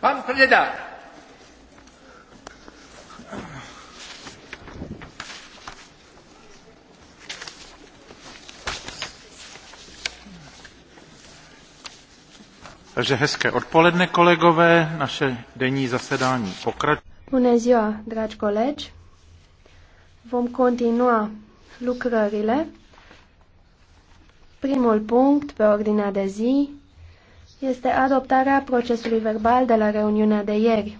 Pan Preda. Takže hezké odpoledne, kolegové. Naše denní zasedání pokračuje. Bună ziua, dragi colegi. Vom continua lucrările. Primul punct pe ordinea de zi este adoptarea procesului verbal de la reuniunea de ieri.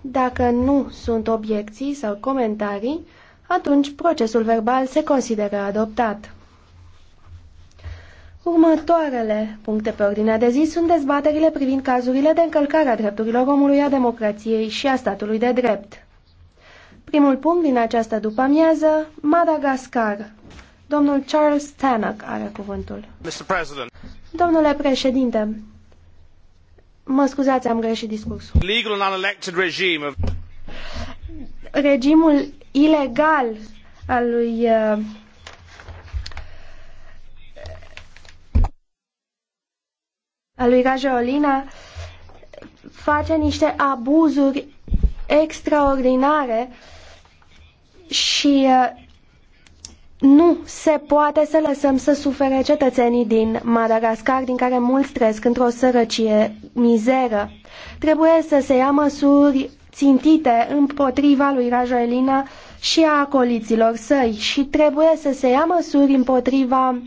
Dacă nu sunt obiecții sau comentarii, atunci procesul verbal se consideră adoptat. Următoarele puncte pe ordinea de zi sunt dezbaterile privind cazurile de încălcare a drepturilor omului, a democrației și a statului de drept. Primul punct din această după-amiază, Madagascar. Domnul Charles Tannock are cuvântul. Mr. President. Domnule președinte, mă scuzați, am greșit discursul. Legal and unelected regime of... Regimul ilegal al lui uh, al lui Rajolina face niște abuzuri extraordinare și uh, nu se poate să lăsăm să sufere cetățenii din Madagascar, din care mulți trăiesc într-o sărăcie mizeră. Trebuie să se ia măsuri țintite împotriva lui Rajoelina și a acoliților săi și trebuie să se ia măsuri împotriva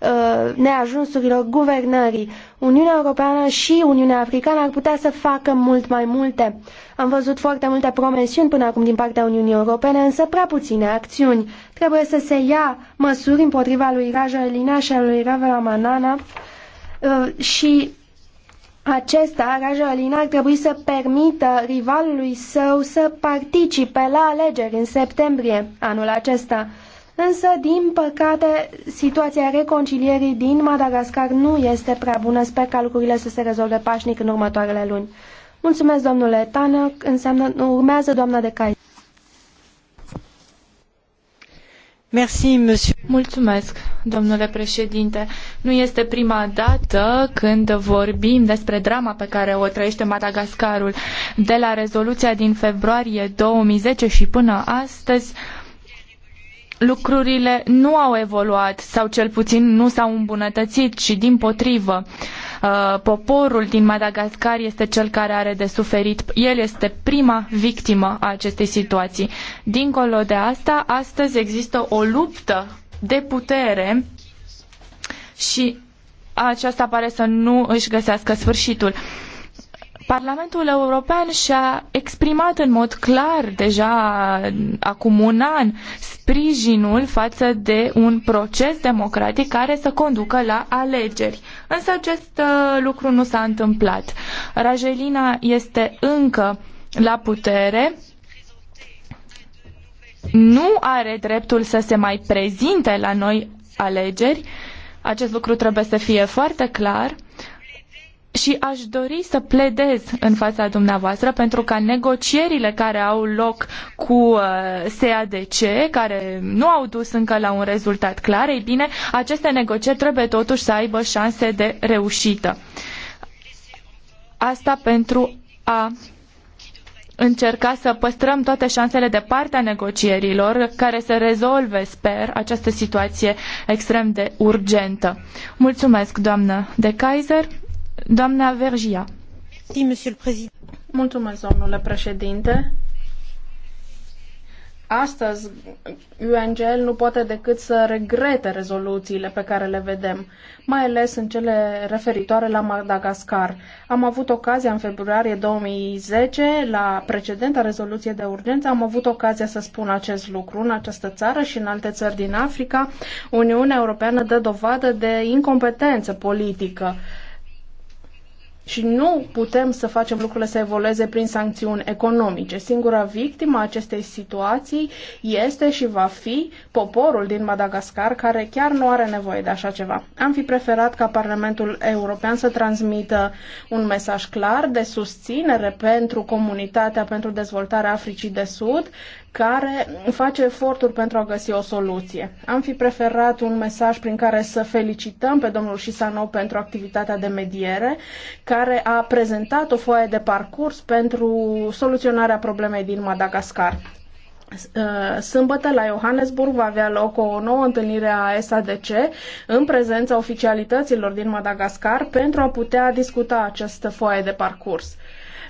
Uh, neajunsurilor guvernării. Uniunea Europeană și Uniunea Africană ar putea să facă mult mai multe. Am văzut foarte multe promisiuni până acum din partea Uniunii Europene, însă prea puține acțiuni. Trebuie să se ia măsuri împotriva lui Raja Elina și a lui Ravela Manana uh, și acesta, Raja Alina, ar trebui să permită rivalului său să participe la alegeri în septembrie anul acesta. Însă, din păcate, situația reconcilierii din Madagascar nu este prea bună. Sper ca lucrurile să se rezolve pașnic în următoarele luni. Mulțumesc, domnule Tană. Înseamnă, urmează doamna de Cai. Mulțumesc, domnule președinte. Nu este prima dată când vorbim despre drama pe care o trăiește Madagascarul. De la rezoluția din februarie 2010 și până astăzi, lucrurile nu au evoluat sau cel puțin nu s-au îmbunătățit și din potrivă uh, poporul din Madagascar este cel care are de suferit. El este prima victimă a acestei situații. Dincolo de asta, astăzi există o luptă de putere și aceasta pare să nu își găsească sfârșitul. Uh, Parlamentul European și-a exprimat în mod clar deja acum un an sprijinul față de un proces democratic care să conducă la alegeri. Însă acest uh, lucru nu s-a întâmplat. Rajelina este încă la putere, nu are dreptul să se mai prezinte la noi alegeri. Acest lucru trebuie să fie foarte clar și aș dori să pledez în fața dumneavoastră pentru ca negocierile care au loc cu uh, SADC, care nu au dus încă la un rezultat clar, ei bine, aceste negocieri trebuie totuși să aibă șanse de reușită. Asta pentru a încerca să păstrăm toate șansele de partea negocierilor care să rezolve, sper, această situație extrem de urgentă. Mulțumesc, doamnă de Kaiser. Doamna Vergia. Mulțumesc, domnule președinte. Astăzi, UNGL nu poate decât să regrete rezoluțiile pe care le vedem, mai ales în cele referitoare la Madagascar. Am avut ocazia în februarie 2010, la precedenta rezoluție de urgență, am avut ocazia să spun acest lucru în această țară și în alte țări din Africa. Uniunea Europeană dă dovadă de incompetență politică și nu putem să facem lucrurile să evolueze prin sancțiuni economice. Singura victimă a acestei situații este și va fi poporul din Madagascar, care chiar nu are nevoie de așa ceva. Am fi preferat ca Parlamentul European să transmită un mesaj clar de susținere pentru comunitatea pentru dezvoltarea Africii de Sud, care face eforturi pentru a găsi o soluție. Am fi preferat un mesaj prin care să felicităm pe domnul Șisanov pentru activitatea de mediere, care a prezentat o foaie de parcurs pentru soluționarea problemei din Madagascar. Uh, sâmbătă la Johannesburg va avea loc o nouă întâlnire a SADC în prezența oficialităților din Madagascar pentru a putea discuta această foaie de parcurs.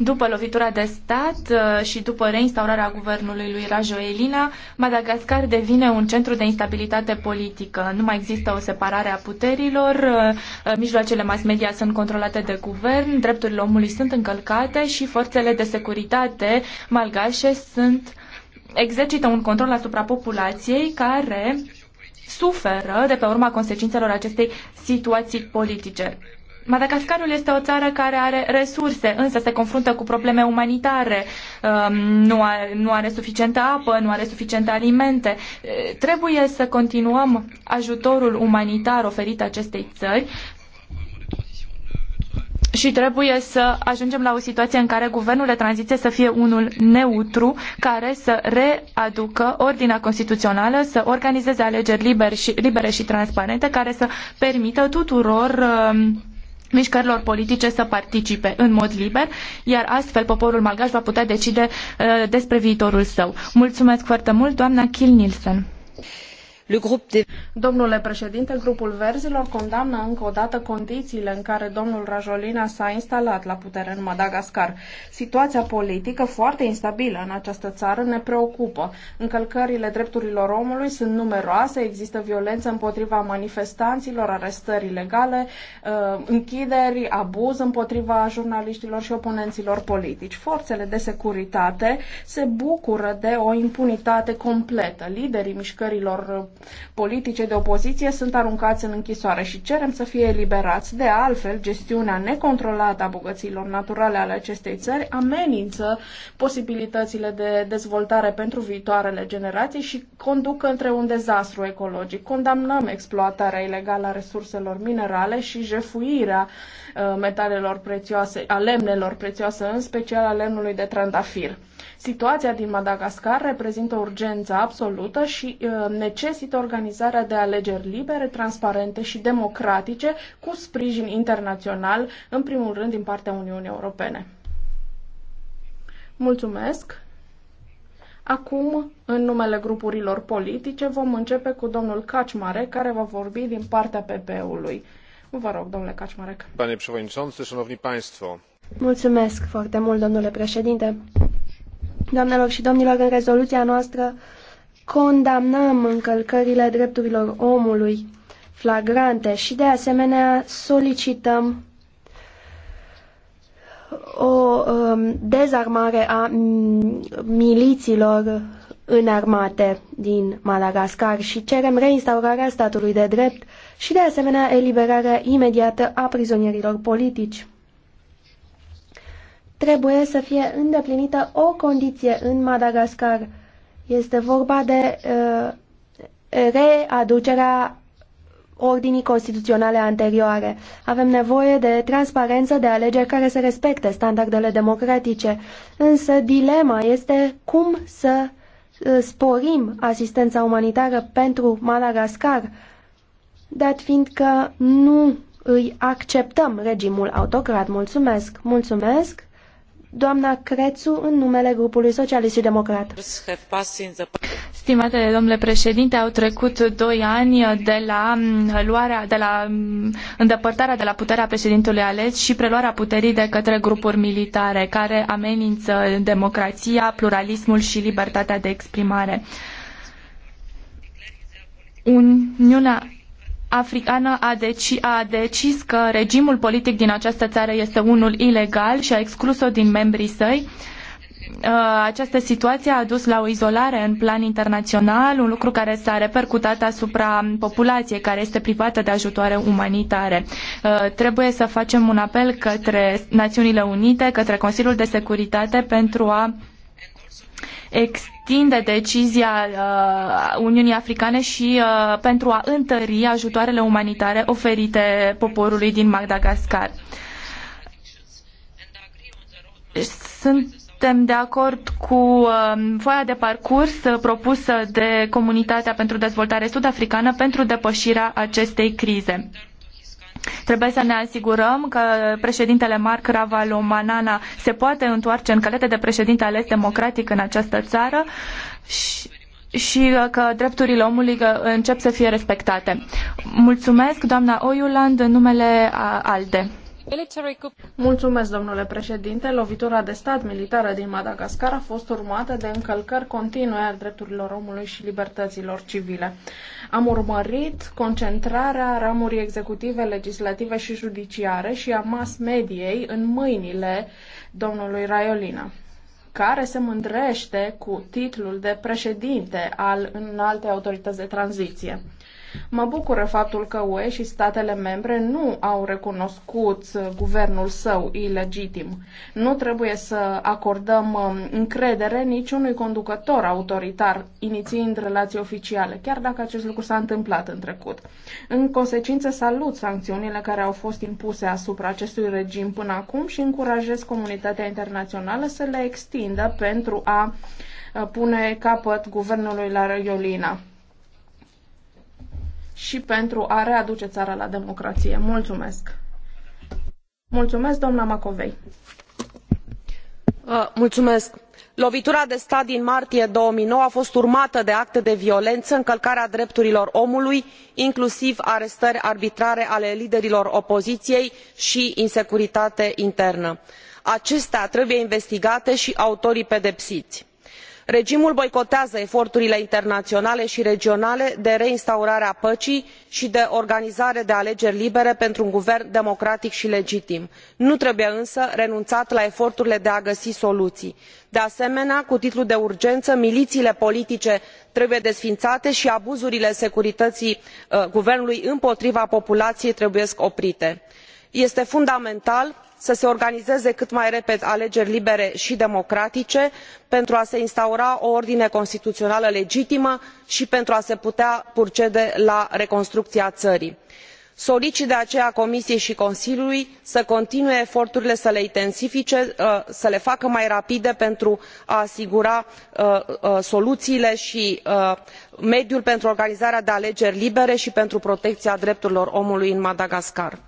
După lovitura de stat uh, și după reinstaurarea guvernului lui Rajoelina, Madagascar devine un centru de instabilitate politică. Nu mai există o separare a puterilor, uh, uh, mijloacele mass media sunt controlate de guvern, drepturile omului sunt încălcate și forțele de securitate malgașe sunt exercită un control asupra populației care suferă de pe urma consecințelor acestei situații politice. Madagascarul este o țară care are resurse, însă se confruntă cu probleme umanitare, um, nu are, nu are suficientă apă, nu are suficiente alimente. Uh, trebuie să continuăm ajutorul umanitar oferit acestei țări și trebuie să ajungem la o situație în care guvernul de tranziție să fie unul neutru, care să readucă ordinea constituțională, să organizeze alegeri libere și, libere și transparente, care să permită tuturor uh, mișcărilor politice să participe în mod liber, iar astfel poporul malgaș va putea decide uh, despre viitorul său. Mulțumesc foarte mult, doamna Kil Nielsen. Domnule președinte, grupul Verzilor condamnă încă o dată condițiile în care domnul Rajolina s-a instalat la putere în Madagascar. Situația politică foarte instabilă în această țară ne preocupă. Încălcările drepturilor omului sunt numeroase, există violență împotriva manifestanților, arestări ilegale, uh, închideri, abuz împotriva jurnaliștilor și oponenților politici. Forțele de securitate se bucură de o impunitate completă. Liderii mișcărilor politice de opoziție sunt aruncați în închisoare și cerem să fie eliberați. De altfel, gestiunea necontrolată a bogăților naturale ale acestei țări amenință posibilitățile de dezvoltare pentru viitoarele generații și conduc între un dezastru ecologic. Condamnăm exploatarea ilegală a resurselor minerale și jefuirea uh, metalelor prețioase, a lemnelor prețioase, în special a lemnului de trandafir. Situația din Madagascar reprezintă urgență absolută și uh, necesită organizarea de alegeri libere, transparente și democratice cu sprijin internațional, în primul rând din partea Uniunii Europene. Mulțumesc! Acum, în numele grupurilor politice, vom începe cu domnul Kaczmarek, care va vorbi din partea PP-ului. Vă rog, domnule Kaczmarek. președinte, șanovni Mulțumesc foarte mult, domnule președinte. Doamnelor și domnilor, în rezoluția noastră condamnăm încălcările drepturilor omului flagrante și de asemenea solicităm o um, dezarmare a miliților înarmate din Madagascar și cerem reinstaurarea statului de drept și de asemenea eliberarea imediată a prizonierilor politici trebuie să fie îndeplinită o condiție în Madagascar. Este vorba de uh, readucerea ordinii constituționale anterioare. Avem nevoie de transparență, de alegeri care să respecte standardele democratice. Însă dilema este cum să uh, sporim asistența umanitară pentru Madagascar, dat fiind că nu îi acceptăm regimul autocrat. Mulțumesc! Mulțumesc! Doamna Crețu, în numele grupului socialist și democrat. Stimate domnule președinte, au trecut doi ani de la mm, luarea, de la mm, îndepărtarea de la puterea președintelui ales și preluarea puterii de către grupuri militare care amenință democrația, pluralismul și libertatea de exprimare. Uniunea africană a, deci, a decis că regimul politic din această țară este unul ilegal și a exclus-o din membrii săi. Uh, această situație a dus la o izolare în plan internațional, un lucru care s-a repercutat asupra populației care este privată de ajutoare umanitare. Uh, trebuie să facem un apel către Națiunile Unite, către Consiliul de Securitate pentru a extinde decizia uh, Uniunii Africane și uh, pentru a întări ajutoarele umanitare oferite poporului din Madagascar. Suntem de acord cu um, foaia de parcurs propusă de Comunitatea pentru Dezvoltare Sud-Africană pentru depășirea acestei crize. Trebuie să ne asigurăm că președintele Marc Ravalomanana se poate întoarce în calitate de președinte ales democratic în această țară și și uh, că drepturile omului uh, încep să fie respectate. Mulțumesc, doamna Oiuland, în numele uh, ALDE. Mulțumesc, domnule președinte. Lovitura de stat militară din Madagascar a fost urmată de încălcări continue ale drepturilor omului și libertăților civile. Am urmărit concentrarea ramurii executive, legislative și judiciare și a mass mediei în mâinile domnului Raiolina care se mândrește cu titlul de președinte al înaltei autorități de tranziție. Mă bucură faptul că UE și statele membre nu au recunoscut guvernul său ilegitim. Nu trebuie să acordăm um, încredere niciunui conducător autoritar, inițiind relații oficiale, chiar dacă acest lucru s-a întâmplat în trecut. În consecință, salut sancțiunile care au fost impuse asupra acestui regim până acum și încurajez comunitatea internațională să le extindă pentru a uh, pune capăt guvernului la Iolina și pentru a readuce țara la democrație. Mulțumesc! Mulțumesc, doamna Macovei! Uh, mulțumesc! lovitura de stat din martie 2009 a fost urmată de acte de violență, încălcarea drepturilor omului inclusiv arestări arbitrare ale liderilor opoziției și insecuritate internă. acestea trebuie investigate și autorii pedepsiți regimul boicotează eforturile internaionale i regionale de reinstaurare a păcii i de organizare de alegeri libere pentru un guvern democratic i legitim. nu trebuie însă renunat la eforturile de a găsi soluii. de asemenea cu titlu de urgenă miliiile politice trebuie desfiinate i abuzurile securităii uh, guvernului împotriva populaiei trebuie oprite. este fundamental să se organizeze cât mai repede alegeri libere i democratice pentru a se instaura o ordine constituională legitimă i pentru a se putea procede la reconstrucia ării. solicit de aceea comisiei i consiliului să continue eforturile să le intensifice uh, să le facă mai rapide pentru a asigura uh, uh, soluiile i mediul pentru organizarea de alegeri libere i pentru protecia drepturilor omului în madagascar.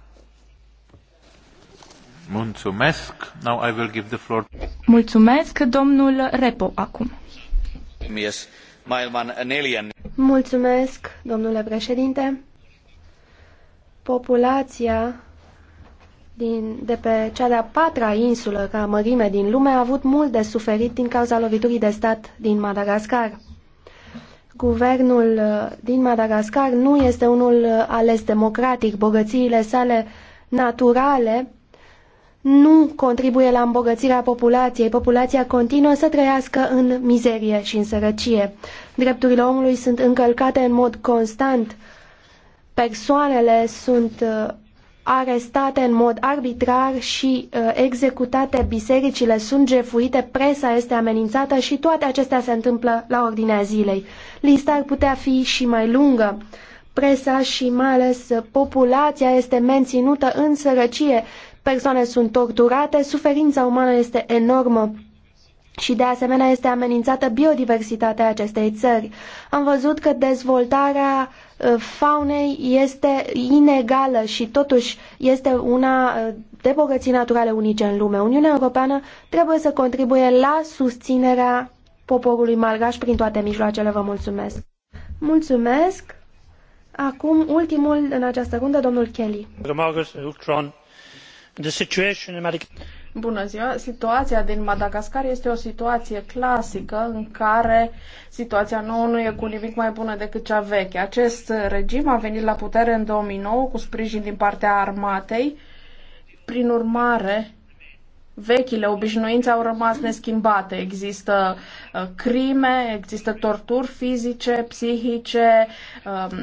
Mulțumesc. Now I will give the floor. Mulțumesc, domnul Repo, acum. Mulțumesc, domnule președinte. Populația din, de pe cea de-a patra insulă ca mărime din lume a avut mult de suferit din cauza loviturii de stat din Madagascar. Guvernul uh, din Madagascar nu este unul uh, ales democratic. Bogățiile sale naturale nu contribuie la îmbogățirea populației. Populația continuă să trăiască în mizerie și în sărăcie. Drepturile omului sunt încălcate în mod constant. Persoanele sunt uh, arestate în mod arbitrar și uh, executate, bisericile sunt jefuite, presa este amenințată și toate acestea se întâmplă la ordinea zilei. Lista ar putea fi și mai lungă presa și mai ales populația este menținută în sărăcie persoane sunt torturate, suferința umană este enormă și de asemenea este amenințată biodiversitatea acestei țări. Am văzut că dezvoltarea uh, faunei este inegală și totuși este una uh, de bogății naturale unice în lume. Uniunea Europeană trebuie să contribuie la susținerea poporului malgaș prin toate mijloacele. Vă mulțumesc! Mulțumesc! Acum, ultimul în această rundă, domnul Kelly. Bună ziua! Situația din Madagascar este o situație clasică în care situația nouă nu e cu nimic mai bună decât cea veche. Acest regim a venit la putere în 2009 cu sprijin din partea armatei. Prin urmare, Vechile obișnuințe au rămas neschimbate. Există uh, crime, există torturi fizice, psihice, um,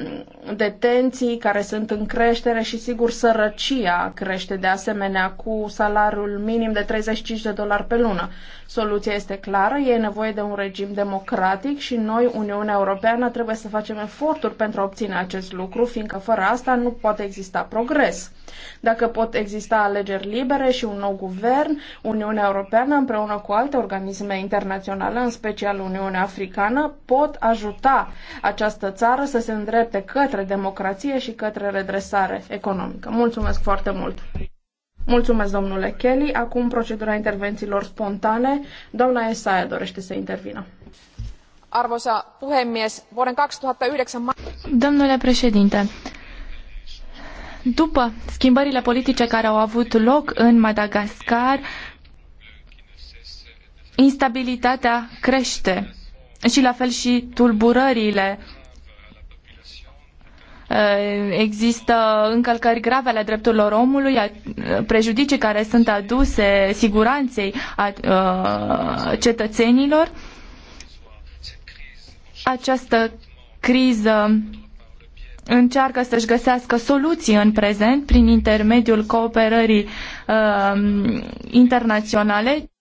detenții care sunt în creștere și, sigur, sărăcia crește de asemenea cu salariul minim de 35 de dolari pe lună. Soluția este clară, e nevoie de un regim democratic și noi, Uniunea Europeană, trebuie să facem eforturi pentru a obține acest lucru, fiindcă fără asta nu poate exista progres. Dacă pot exista alegeri libere și un nou guvern, Uniunea Europeană împreună cu alte organisme internaționale, în special Uniunea Africană, pot ajuta această țară să se îndrepte către democrație și către redresare economică. Mulțumesc foarte mult! Mulțumesc, domnule Kelly. Acum procedura intervențiilor spontane. Doamna Esaia dorește să intervină. Arvoisa puhemies, vuoden 2009... Domnule președinte, după schimbările politice care au avut loc în Madagascar, instabilitatea crește și la fel și tulburările. Eh, există încălcări grave ale drepturilor omului, prejudicii care sunt aduse siguranței a eh, cetățenilor. Această criză încearcă să-și găsească soluții în prezent prin intermediul cooperării uh, internaționale.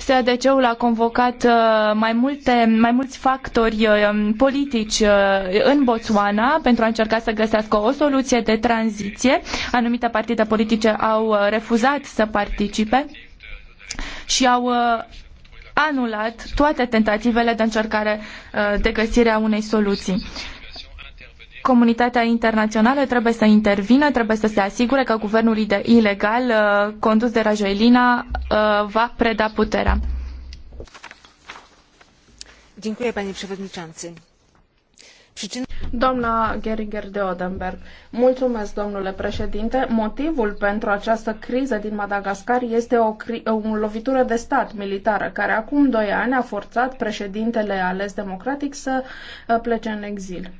SADC-ul a convocat uh, mai, multe, mai mulți factori uh, politici uh, în Botswana pentru a încerca să găsească o soluție de tranziție. Anumite partide politice au refuzat să participe și au anulat toate tentativele de încercare uh, de găsire a unei soluții comunitatea internațională trebuie să intervină, trebuie să se asigure că guvernul ilegal uh, condus de Rajoelina uh, va preda puterea. Dziękuję, panie przewodniczący. Przyczyny... Doamna Geringer de Odenberg, mulțumesc, domnule președinte. Motivul pentru această criză din Madagascar este o, o lovitură de stat militară, care acum doi ani a forțat președintele ales democratic să uh, plece în exil.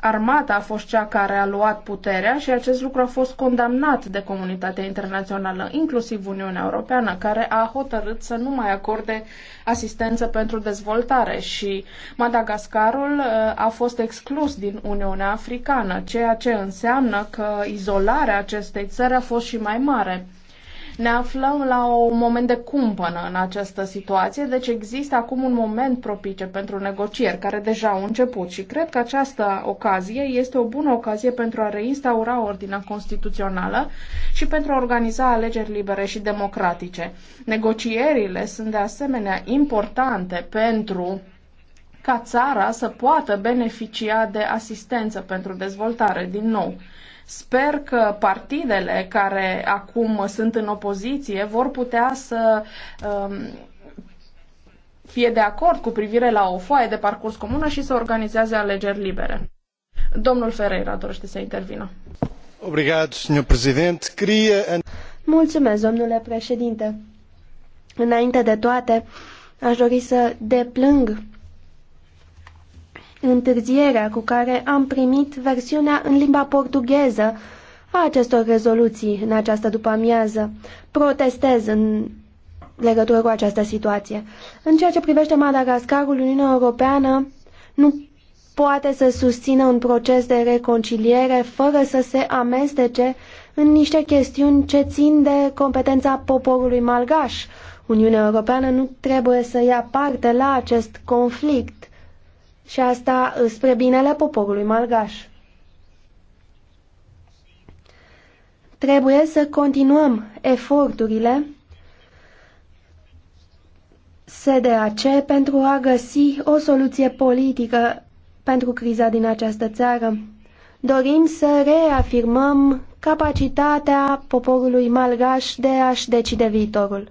Armata a fost cea care a luat puterea și acest lucru a fost condamnat de comunitatea internațională, inclusiv Uniunea Europeană, care a hotărât să nu mai acorde asistență pentru dezvoltare și Madagascarul uh, a fost exclus din Uniunea Africană, ceea ce înseamnă că izolarea acestei țări a fost și mai mare. Ne aflăm la un moment de cumpănă în această situație, deci există acum un moment propice pentru negocieri care deja au început și cred că această ocazie este o bună ocazie pentru a reinstaura ordinea constituțională și pentru a organiza alegeri libere și democratice. Negocierile sunt de asemenea importante pentru ca țara să poată beneficia de asistență pentru dezvoltare din nou. Sper că partidele care acum sunt în opoziție vor putea să um, fie de acord cu privire la o foaie de parcurs comună și să organizeze alegeri libere. Domnul Ferreira dorește să intervină. Obrigat, domnul președinte. Crie... Mulțumesc, domnule președinte. Înainte de toate, aș dori să deplâng întârzierea cu care am primit versiunea în limba portugheză a acestor rezoluții în această după-amiază. Protestez în legătură cu această situație. În ceea ce privește Madagascarul, Uniunea Europeană nu poate să susțină un proces de reconciliere fără să se amestece în niște chestiuni ce țin de competența poporului malgaș. Uniunea Europeană nu trebuie să ia parte la acest conflict și asta uh, spre binele poporului malgaș. Trebuie să continuăm eforturile SDAC pentru a găsi o soluție politică pentru criza din această țară. Dorim să reafirmăm capacitatea poporului malgaș de a-și decide viitorul.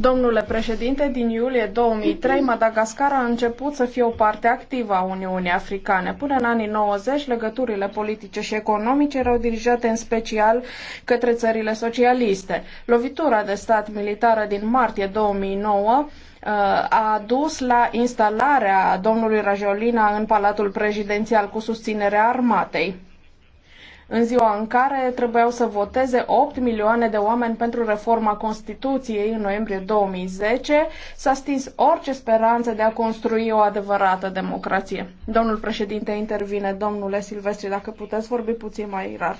Domnule președinte, din iulie 2003, Madagascar a început să fie o parte activă a Uniunii Africane. Până în anii 90, legăturile politice și economice erau dirijate în special către țările socialiste. Lovitura de stat militară din martie 2009 uh, a dus la instalarea domnului Rajolina în Palatul Prezidențial cu susținerea armatei în ziua în care trebuiau să voteze 8 milioane de oameni pentru reforma Constituției în noiembrie 2010, s-a stins orice speranță de a construi o adevărată democrație. Domnul președinte intervine, domnule Silvestri, dacă puteți vorbi puțin mai rar.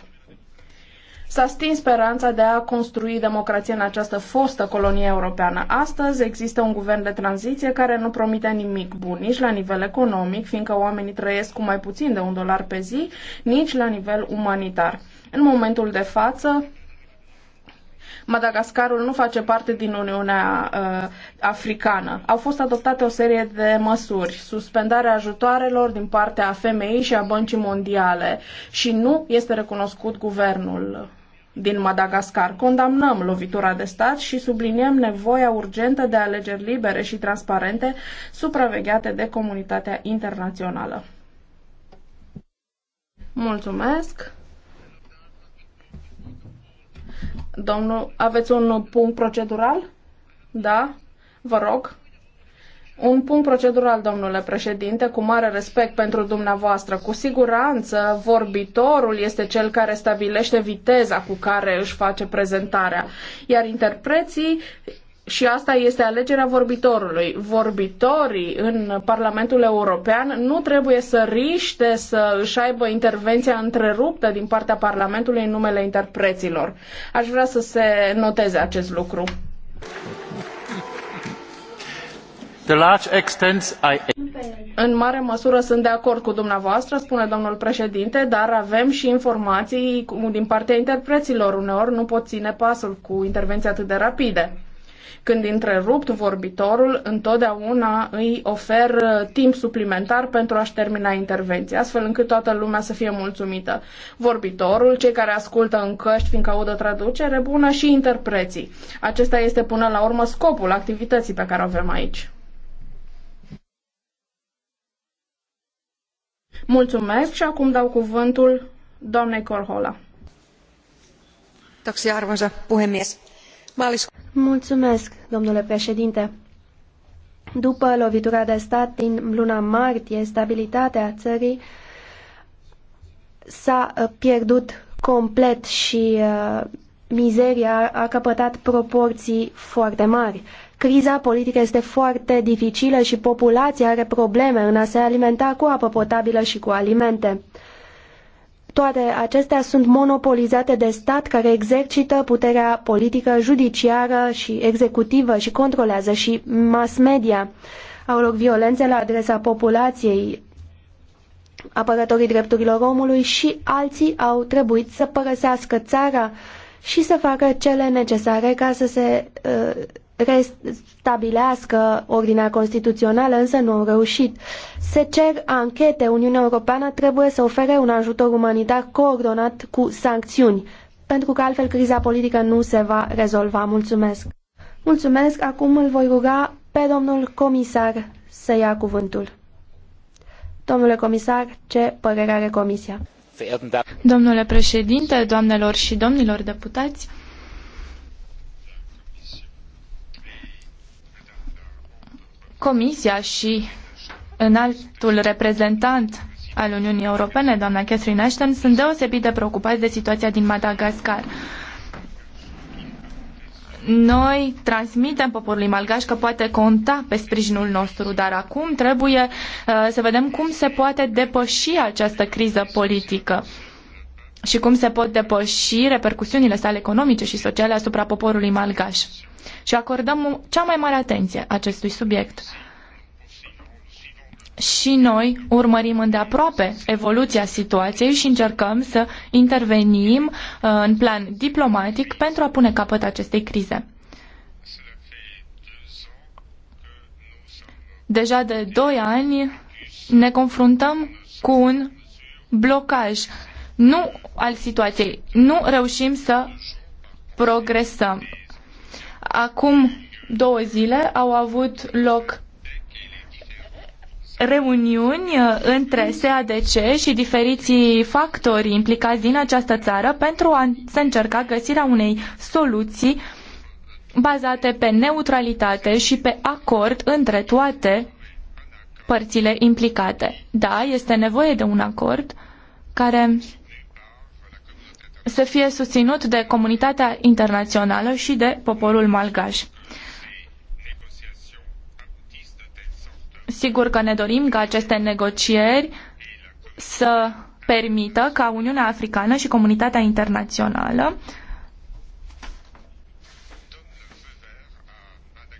S-a stins speranța de a construi democrație în această fostă colonie europeană. Astăzi există un guvern de tranziție care nu promite nimic bun, nici la nivel economic, fiindcă oamenii trăiesc cu mai puțin de un dolar pe zi, nici la nivel umanitar. În momentul de față, Madagascarul nu face parte din Uniunea uh, Africană. Au fost adoptate o serie de măsuri, suspendarea ajutoarelor din partea femeii și a băncii mondiale și nu este recunoscut guvernul din Madagascar. Condamnăm lovitura de stat și subliniem nevoia urgentă de alegeri libere și transparente supravegheate de comunitatea internațională. Mulțumesc! Domnul, aveți un punct procedural? Da? Vă rog. Un punct procedural, domnule președinte, cu mare respect pentru dumneavoastră. Cu siguranță, vorbitorul este cel care stabilește viteza cu care își face prezentarea, iar interpreții și asta este alegerea vorbitorului. Vorbitorii în Parlamentul European nu trebuie să riște să își aibă intervenția întreruptă din partea Parlamentului în numele interpreților. Aș vrea să se noteze acest lucru. În mare măsură sunt de acord cu dumneavoastră, spune domnul președinte, dar avem și informații din partea interpreților. Uneori nu pot ține pasul cu intervenții atât de rapide. Când întrerupt vorbitorul, întotdeauna îi ofer uh, timp suplimentar pentru a-și termina intervenția, astfel încât toată lumea să fie mulțumită. Vorbitorul, cei care ascultă în căști, fiindcă audă traducere bună și interpreții. Acesta este până la urmă scopul activității pe care o avem aici. Mulțumesc și acum dau cuvântul doamnei Corhola. Taxi, arvoisa puhemies Mulțumesc, domnule președinte. După lovitura de stat din luna martie, stabilitatea țării s-a uh, pierdut complet și uh, mizeria a căpătat proporții foarte mari. Criza politică este foarte dificilă și populația are probleme în a se alimenta cu apă potabilă și cu alimente. Toate acestea sunt monopolizate de stat care exercită puterea politică, judiciară și executivă și controlează și mass media. Au loc violențe la adresa populației, apărătorii drepturilor omului și alții au trebuit să părăsească țara și să facă cele necesare ca să se uh, restabilească ordinea constituțională, însă nu au reușit. Se cer anchete. Uniunea Europeană trebuie să ofere un ajutor umanitar coordonat cu sancțiuni, pentru că altfel criza politică nu se va rezolva. Mulțumesc! Mulțumesc! Acum îl voi ruga pe domnul comisar să ia cuvântul. Domnule comisar, ce părere are Comisia? Domnule președinte, doamnelor și domnilor deputați, Comisia și înaltul reprezentant al Uniunii Europene, doamna Catherine Ashton, sunt deosebit de preocupați de situația din Madagascar. Noi transmitem poporului malgaș că poate conta pe sprijinul nostru, dar acum trebuie uh, să vedem cum se poate depăși această criză politică și cum se pot depăși repercusiunile sale economice și sociale asupra poporului malgaș. Și acordăm cea mai mare atenție acestui subiect. Și noi urmărim îndeaproape evoluția situației și încercăm să intervenim uh, în plan diplomatic pentru a pune capăt acestei crize. Deja de doi ani ne confruntăm cu un blocaj nu al situației. Nu reușim să progresăm. Acum două zile au avut loc reuniuni între SADC și diferiții factori implicați din această țară pentru a se încerca găsirea unei soluții bazate pe neutralitate și pe acord între toate părțile implicate. Da, este nevoie de un acord care să fie susținut de comunitatea internațională și de poporul malgaș. Sigur că ne dorim ca aceste negocieri să permită ca Uniunea Africană și comunitatea internațională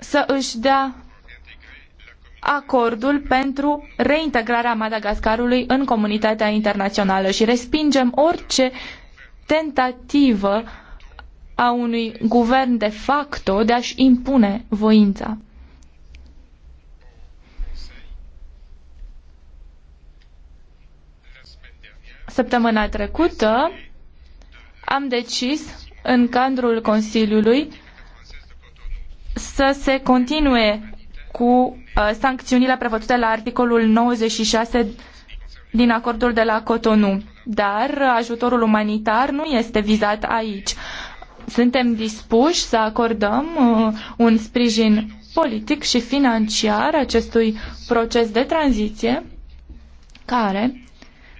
să își dea acordul pentru reintegrarea Madagascarului în comunitatea internațională și respingem orice tentativă a unui guvern de facto de a-și impune voința. Săptămâna trecută am decis în cadrul Consiliului să se continue cu uh, sancțiunile prevăzute la articolul 96 din acordul de la Cotonou, dar ajutorul umanitar nu este vizat aici. Suntem dispuși să acordăm uh, un sprijin politic și financiar acestui proces de tranziție care,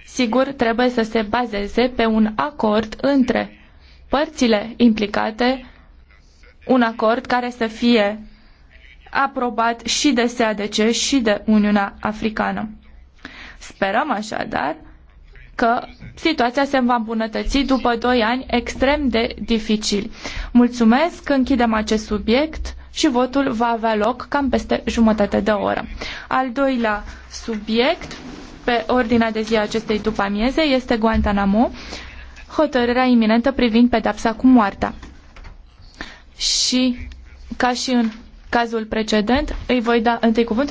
sigur, trebuie să se bazeze pe un acord între părțile implicate, un acord care să fie aprobat și de SADC și de Uniunea Africană. Sperăm așadar că situația se va îmbunătăți după doi ani extrem de dificili. Mulțumesc, închidem acest subiect și votul va avea loc cam peste jumătate de oră. Al doilea subiect pe ordinea de zi a acestei după amieze este Guantanamo, hotărârea iminentă privind pedapsa cu moartea. Și, ca și în cazul precedent, îi voi da întâi cuvântul